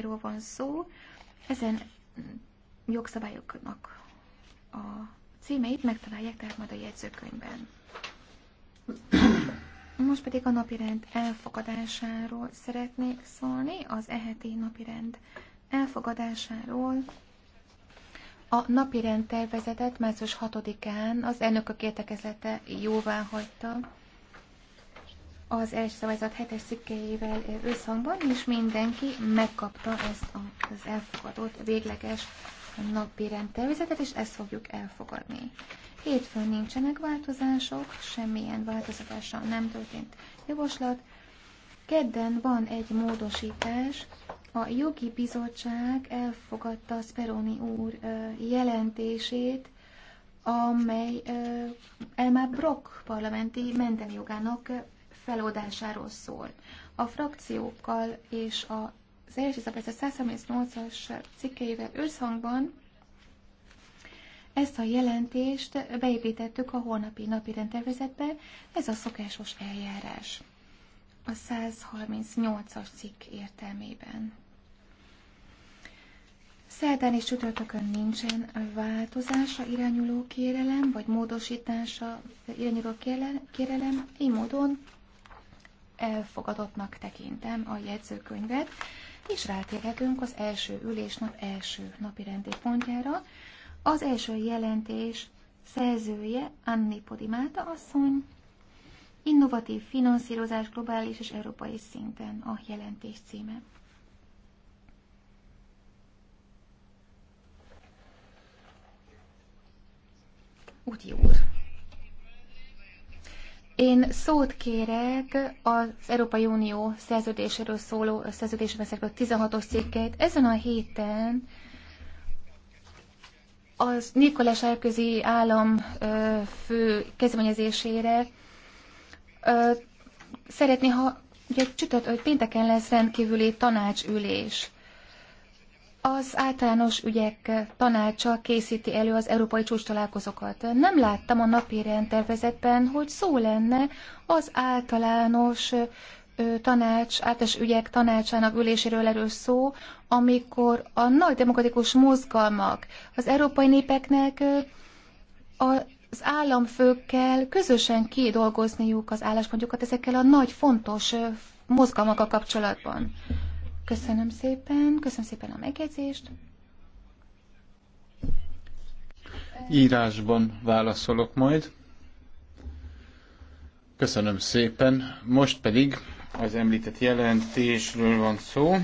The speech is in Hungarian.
jogszabályról van szó. Ezen jogszabályoknak a címeit megtalálják tehát majd a jegyzőkönyvben. Most pedig a napirend elfogadásáról szeretnék szólni, az eheti napirend elfogadásáról. A napirend tervezetet március 6-án az elnökök értekezlete jóvá hagyta az első szavazat hetes cikkeivel összhangban, és mindenki megkapta ezt az elfogadott végleges napi rendtervezetet, és ezt fogjuk elfogadni. Hétfőn nincsenek változások, semmilyen változatással nem történt javaslat. Kedden van egy módosítás, a jogi bizottság elfogadta Speroni úr jelentését, amely Elmar Brock parlamenti jogának feloldásáról szól. A frakciókkal és a az első a 138-as cikkeivel összhangban ezt a jelentést beépítettük a holnapi napi rendtervezetbe, ez a szokásos eljárás a 138-as cikk értelmében. Szerdán és csütörtökön nincsen változása irányuló kérelem, vagy módosítása irányuló kérelem, így módon elfogadottnak tekintem a jegyzőkönyvet, és rátérhetünk az első ülésnap első napi rendi pontjára. Az első jelentés szerzője Anni Podimáta asszony, innovatív finanszírozás globális és európai szinten a jelentés címe. Úgy jó. Én szót kérek az Európai Unió szerződéséről szóló szerződésben szereplő 16-os cikkeit. Ezen a héten az Nikola Sárközi állam fő kezdeményezésére szeretné, ha ugye csütört, hogy pénteken lesz rendkívüli tanácsülés az általános ügyek tanácsa készíti elő az európai csúcs találkozókat. Nem láttam a napi tervezetben, hogy szó lenne az általános tanács, általános ügyek tanácsának üléséről erről szó, amikor a nagy demokratikus mozgalmak az európai népeknek az államfőkkel közösen kidolgozniuk az álláspontjukat ezekkel a nagy fontos mozgalmakkal kapcsolatban. Köszönöm szépen, köszönöm szépen a megjegyzést. Írásban válaszolok majd. Köszönöm szépen. Most pedig az említett jelentésről van szó.